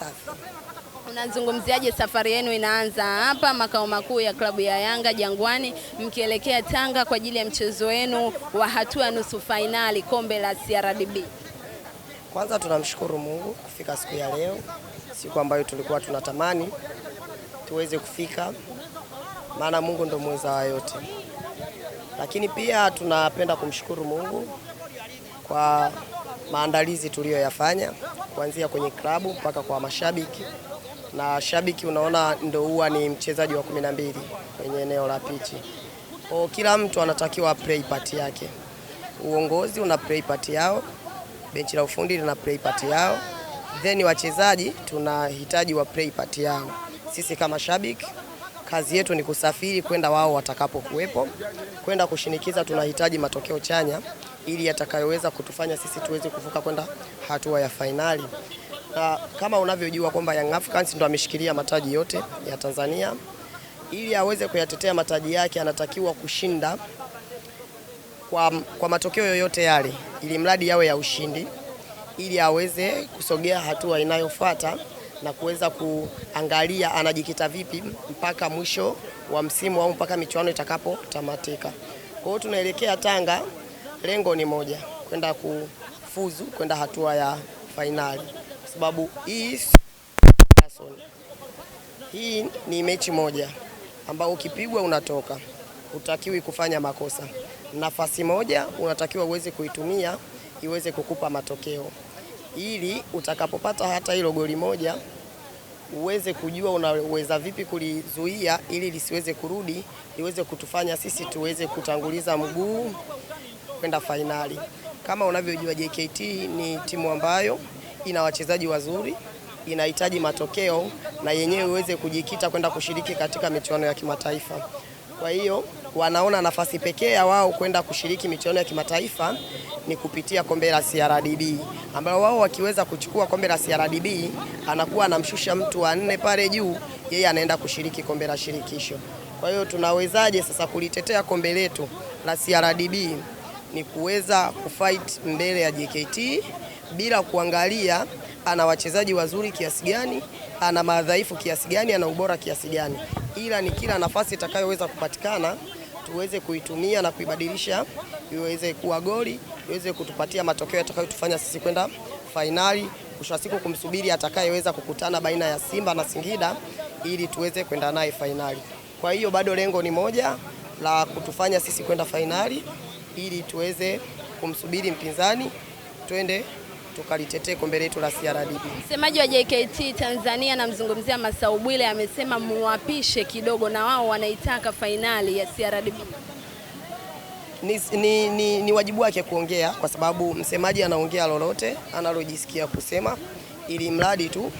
safi. Unazungumziaje safari yenu inaanza hapa makao makuu ya klabu ya Yanga Jangwani, mkielekea Tanga kwa ajili ya mchezo wenu wa hatua ya nusu fainali kombe la CRDB? Kwanza tunamshukuru Mungu kufika siku ya leo, siku ambayo tulikuwa tunatamani tuweze kufika, maana Mungu ndo mweza wa yote. Lakini pia tunapenda kumshukuru Mungu kwa maandalizi tuliyoyafanya kuanzia kwenye klabu mpaka kwa mashabiki na shabiki, unaona ndio huwa ni mchezaji wa kumi na mbili kwenye eneo la pichi. Kwa kila mtu anatakiwa play part yake, uongozi una play part yao, benchi la ufundi lina play part yao, then wachezaji tunahitaji wa play part yao, sisi kama shabiki Kazi yetu ni kusafiri kwenda wao watakapokuwepo, kwenda kushinikiza. Tunahitaji matokeo chanya ili yatakayoweza kutufanya sisi tuweze kuvuka kwenda hatua ya fainali, na kama unavyojua kwamba Young Africans ndo ameshikilia mataji yote ya Tanzania. Ili aweze kuyatetea mataji yake, anatakiwa kushinda kwa, kwa matokeo yoyote yale, ili mradi yawe ya ushindi, ili aweze kusogea hatua inayofuata na kuweza kuangalia anajikita vipi mpaka mwisho wa msimu au mpaka michuano itakapotamatika. Kwa hiyo tunaelekea Tanga, lengo ni moja, kwenda kufuzu kwenda hatua ya fainali, kwa sababu hii hii ni mechi moja ambayo ukipigwa unatoka, hutakiwi kufanya makosa. Nafasi moja unatakiwa uweze kuitumia iweze kukupa matokeo ili utakapopata hata hilo goli moja uweze kujua unaweza vipi kulizuia ili lisiweze kurudi, liweze kutufanya sisi tuweze kutanguliza mguu kwenda fainali. Kama unavyojua JKT ni timu ambayo ina wachezaji wazuri, inahitaji matokeo na yenyewe uweze kujikita kwenda kushiriki katika michuano ya kimataifa. Kwa hiyo wanaona nafasi pekee ya wao kwenda kushiriki michuano ya kimataifa ni kupitia kombe la CRDB, ambao wao wakiweza kuchukua kombe la CRDB anakuwa anamshusha mtu wa nne pale juu, yeye anaenda kushiriki kombe la shirikisho. Kwa hiyo tunawezaje sasa kulitetea kombe letu la CRDB? Ni kuweza kufight mbele ya JKT bila kuangalia ana wachezaji wazuri kiasi gani, ana madhaifu kiasi gani, ana ubora kiasi gani, ila ni kila nafasi itakayoweza kupatikana tuweze kuitumia na kuibadilisha iweze kuwa goli, iweze kutupatia matokeo yatakayotufanya sisi kwenda fainali, mwisho siku kumsubiri atakayeweza kukutana baina ya Simba na Singida ili tuweze kwenda naye fainali. Kwa hiyo bado lengo ni moja la kutufanya sisi kwenda fainali ili tuweze kumsubiri mpinzani twende tukalitetee kombe letu la CRDB. Msemaji wa JKT Tanzania namzungumzia Masau Bwile amesema muwapishe kidogo, na wao wanaitaka fainali ya CRDB. Ni, ni, ni, ni wajibu wake kuongea kwa sababu msemaji anaongea lolote analojisikia kusema, ili mradi tu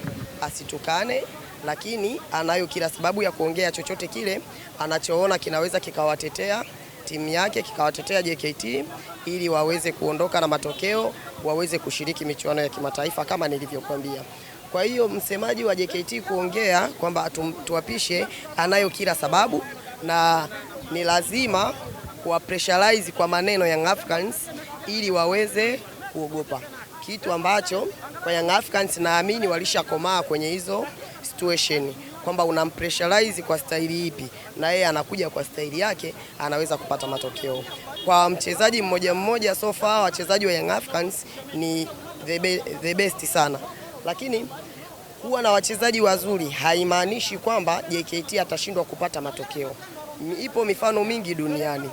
asitukane, lakini anayo kila sababu ya kuongea chochote kile anachoona kinaweza kikawatetea timu yake kikawatetea JKT ili waweze kuondoka na matokeo, waweze kushiriki michuano ya kimataifa kama nilivyokuambia. Kwa hiyo msemaji wa JKT kuongea kwamba tuwapishe, anayo kila sababu na ni lazima pressurize kwa maneno Young Africans ili waweze kuogopa, kitu ambacho kwa Young Africans naamini walishakomaa kwenye hizo situation kwamba unampressurize kwa staili ipi, na yeye anakuja kwa staili yake, anaweza kupata matokeo. Kwa mchezaji mmoja mmoja, so far wachezaji wa Young Africans ni the, be, the best sana, lakini kuwa na wachezaji wazuri haimaanishi kwamba JKT atashindwa kupata matokeo. Ipo mifano mingi duniani.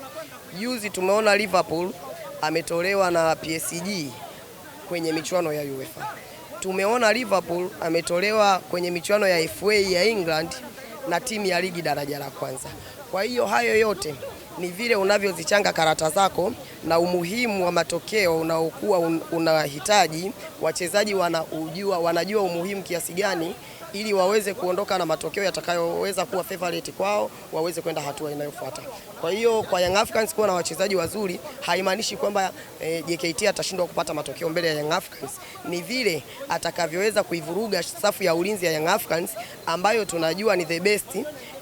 Juzi tumeona Liverpool ametolewa na PSG kwenye michuano ya UEFA. Tumeona Liverpool ametolewa kwenye michuano ya FA ya England na timu ya ligi daraja la kwanza. Kwa hiyo hayo yote ni vile unavyozichanga karata zako na umuhimu wa matokeo unaokuwa unahitaji, wachezaji wanaujua, wanajua umuhimu kiasi gani ili waweze kuondoka na matokeo yatakayoweza kuwa favorite kwao, waweze kwenda hatua inayofuata. Kwa hiyo kwa Young Africans kuwa na wachezaji wazuri haimaanishi kwamba e, JKT atashindwa kupata matokeo mbele ya Young Africans, ni vile atakavyoweza kuivuruga safu ya ulinzi ya Young Africans ambayo tunajua ni the best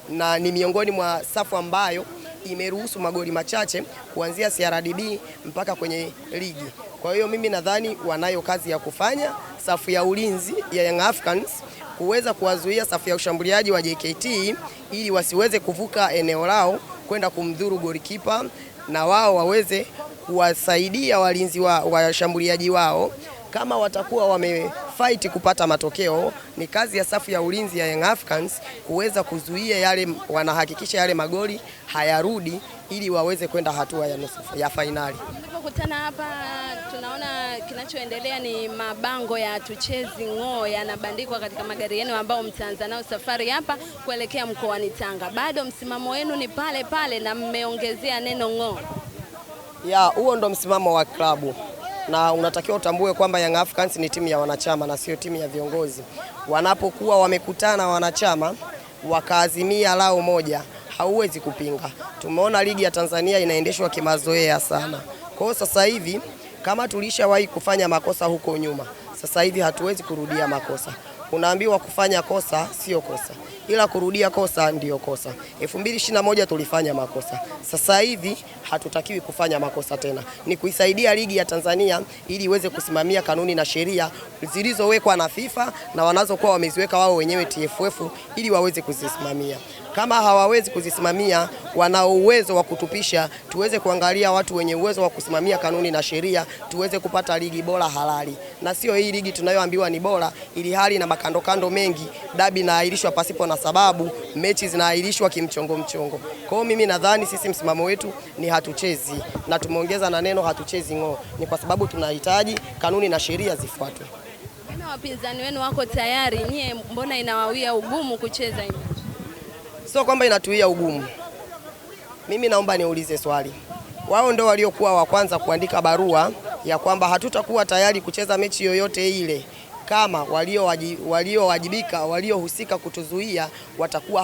na ni miongoni mwa safu ambayo imeruhusu magoli machache kuanzia CRDB mpaka kwenye ligi. Kwa hiyo mimi nadhani wanayo kazi ya kufanya safu ya ulinzi ya Young Africans kuweza kuwazuia safu ya ushambuliaji wa JKT ili wasiweze kuvuka eneo lao kwenda kumdhuru golikipa na wao waweze kuwasaidia walinzi wa washambuliaji wao. Kama watakuwa fight kupata matokeo, ni kazi ya safu ya ulinzi ya Young Africans kuweza kuzuia yale, wanahakikisha yale magoli hayarudi, ili waweze kwenda hatua ya nusu ya fainali. Tunapokutana hapa tunaona kinachoendelea ni mabango ya tuchezi ng'oo yanabandikwa katika magari yenu ambao mtaanza nao safari hapa kuelekea mkoani Tanga. Bado msimamo wenu ni pale pale na mmeongezea neno ng'oo. Ya, huo ndo msimamo wa klabu na unatakiwa utambue kwamba Young Africans ni timu ya wanachama na sio timu ya viongozi. Wanapokuwa wamekutana wanachama wakaazimia lao moja, hauwezi kupinga. Tumeona ligi ya Tanzania inaendeshwa kimazoea sana. Kwa hiyo sasa hivi kama tulishawahi kufanya makosa huko nyuma, sasa hivi hatuwezi kurudia makosa. Unaambiwa kufanya kosa sio kosa, ila kurudia kosa ndiyo kosa. 2021 tulifanya makosa, sasa hivi hatutakiwi kufanya makosa tena. Ni kuisaidia ligi ya Tanzania ili iweze kusimamia kanuni na sheria zilizowekwa na FIFA na wanazokuwa wameziweka wao wenyewe TFF, ili waweze kuzisimamia. Kama hawawezi kuzisimamia, wana uwezo wa kutupisha, tuweze kuangalia watu wenye uwezo wa kusimamia kanuni na sheria, tuweze kupata ligi bora halali, na sio hii ligi tunayoambiwa ni bora, ili hali na makandokando mengi, dabi naahirishwa pasipo na sababu, mechi zinaahirishwa kimchongo mchongo. Kwa hiyo mimi nadhani sisi msimamo wetu ni hatuchezi, na tumeongeza na neno hatuchezi ng'oo, ni kwa sababu tunahitaji kanuni na sheria zifuatwe. Wapinzani wenu wako tayari, nyie mbona inawawia ugumu kucheza hivi? sio kwamba inatuia ugumu. Mimi naomba niulize swali, wao ndo waliokuwa wa kwanza kuandika barua ya kwamba hatutakuwa tayari kucheza mechi yoyote ile kama waliowajibika waliohusika kutuzuia watakuwa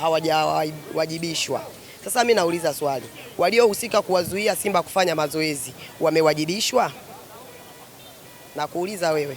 hawajawajibishwa. Sasa mi nauliza swali, waliohusika kuwazuia Simba kufanya mazoezi wamewajibishwa? Na kuuliza wewe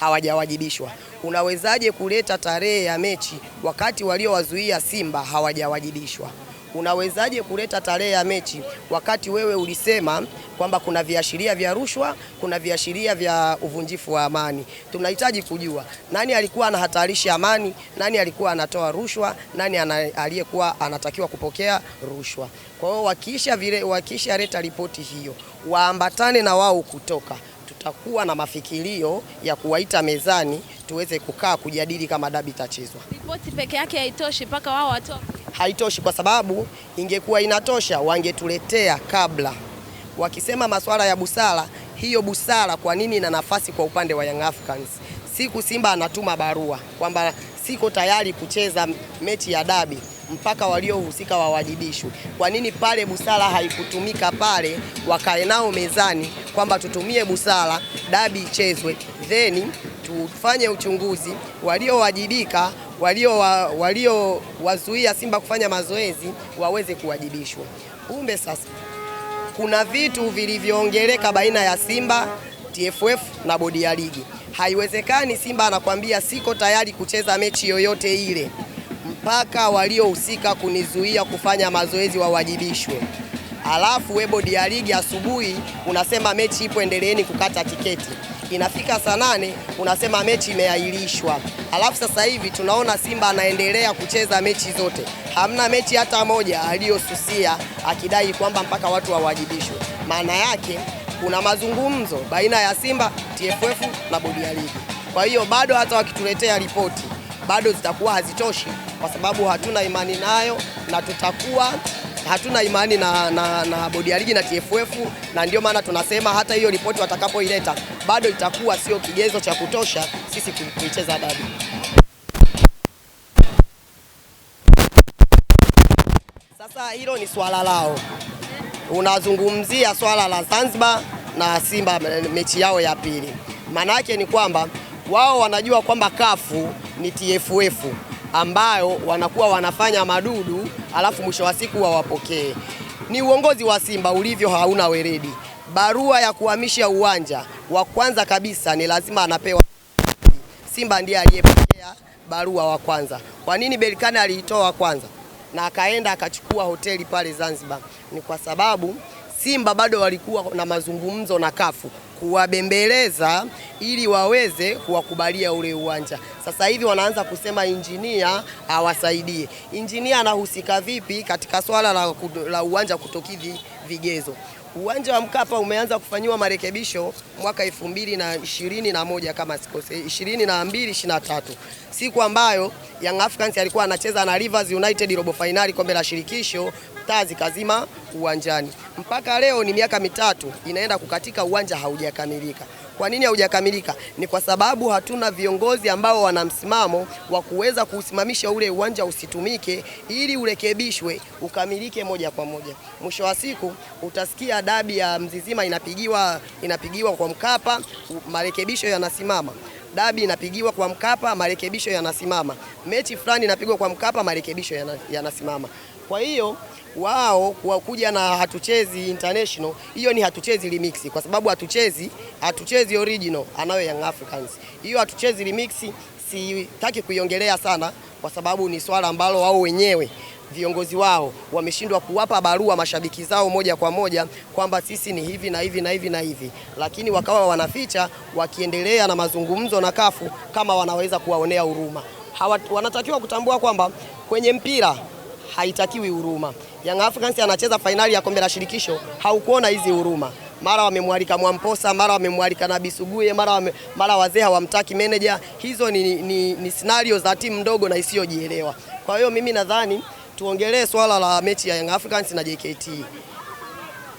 hawajawajibishwa. Unawezaje kuleta tarehe ya mechi wakati waliowazuia Simba hawajawajibishwa? Unawezaje kuleta tarehe ya mechi wakati wewe ulisema kwamba kuna viashiria vya rushwa, kuna viashiria vya uvunjifu wa amani? Tunahitaji kujua nani alikuwa anahatarisha amani, nani alikuwa anatoa rushwa, nani aliyekuwa anatakiwa kupokea rushwa. Kwa hiyo wakisha vile, wakisha leta ripoti hiyo waambatane na wao kutoka tutakuwa na mafikirio ya kuwaita mezani tuweze kukaa kujadili kama dabi itachezwa. Ripoti peke yake haitoshi, mpaka wao watoke. Haitoshi kwa sababu ingekuwa inatosha wangetuletea kabla. Wakisema masuala ya busara, hiyo busara kwa nini ina nafasi kwa upande wa Young Africans? Siku Simba anatuma barua kwamba siko tayari kucheza mechi ya dabi mpaka waliohusika wawajibishwe. Kwa nini pale busara haikutumika pale? Wakae nao mezani kwamba tutumie busara, dabi ichezwe, then tufanye uchunguzi, waliowajibika walio wa, walio wazuia Simba kufanya mazoezi waweze kuwajibishwa. Kumbe sasa kuna vitu vilivyoongeleka baina ya Simba TFF na bodi ya ligi. Haiwezekani Simba anakwambia siko tayari kucheza mechi yoyote ile mpaka waliohusika kunizuia kufanya mazoezi wawajibishwe. Alafu we bodi ya ligi asubuhi unasema mechi ipo, endeleeni kukata tiketi. Inafika saa nane unasema mechi imeahirishwa. Alafu sasa hivi tunaona Simba anaendelea kucheza mechi zote, hamna mechi hata moja aliyosusia akidai kwamba mpaka watu wawajibishwe. Maana yake kuna mazungumzo baina ya Simba, TFF na bodi ya ligi. Kwa hiyo bado hata wakituletea ripoti bado zitakuwa hazitoshi, kwa sababu hatuna imani nayo na tutakuwa hatuna imani na, na, na bodi ya ligi na TFF, na ndio maana tunasema hata hiyo ripoti watakapoileta bado itakuwa sio kigezo cha kutosha sisi kuicheza dabi. Sasa hilo ni swala lao, unazungumzia swala la Zanzibar na Simba mechi yao ya pili, maana yake ni kwamba wao wanajua kwamba kafu ni TFF ambayo wanakuwa wanafanya madudu, alafu mwisho wa siku wawapokee. Ni uongozi wa Simba ulivyo, hauna weredi. Barua ya kuhamisha uwanja wa kwanza kabisa ni lazima anapewa Simba, ndiye aliyepokea barua wa kwanza. Kwa nini Berkane aliitoa kwanza na akaenda akachukua hoteli pale Zanzibar? Ni kwa sababu Simba bado walikuwa na mazungumzo na kafu kuwabembeleza ili waweze kuwakubalia ule uwanja. Sasa hivi wanaanza kusema injinia awasaidie. Injinia anahusika vipi katika swala la, la uwanja kutokidhi vigezo? Uwanja wa Mkapa umeanza kufanyiwa marekebisho mwaka elfu mbili na ishirini na moja kama sikose, ishirini na mbili ishirini na tatu siku ambayo Young Africans alikuwa anacheza na Rivers United robo fainali kombe la shirikisho taa zikazima uwanjani. Mpaka leo ni miaka mitatu inaenda kukatika, uwanja haujakamilika. Kwa nini haujakamilika? Ni kwa sababu hatuna viongozi ambao wana msimamo wa kuweza kuusimamisha ule uwanja usitumike, ili urekebishwe ukamilike moja kwa moja. Mwisho wa siku utasikia dabi ya Mzizima inapigiwa, inapigiwa kwa Mkapa, marekebisho yanasimama dabi inapigiwa kwa Mkapa, marekebisho yanasimama. Mechi fulani inapigwa kwa Mkapa, marekebisho yanasimama. Kwa hiyo wao kwa kuja na hatuchezi international, hiyo ni hatuchezi remix, kwa sababu hatuchezi hatuchezi original anayo Young Africans. Hiyo hatuchezi remix sitaki kuiongelea sana, kwa sababu ni swala ambalo wao wenyewe viongozi wao wameshindwa kuwapa barua mashabiki zao moja kwa moja kwamba sisi ni hivi na hivi na hivi na hivi, lakini wakawa wanaficha wakiendelea na mazungumzo na kafu kama wanaweza kuwaonea huruma. Wanatakiwa kutambua kwamba kwenye mpira haitakiwi huruma. Young Africans anacheza fainali ya kombe la shirikisho, haukuona hizi huruma. Mara wamemwalika Mwamposa, mara wamemwalika Nabisuguye, mara wame, mara wazee hawamtaki manager. Hizo ni, ni, ni scenario za timu ndogo na isiyojielewa. Kwa hiyo mimi nadhani tuongelee swala la mechi ya Young Africans na JKT.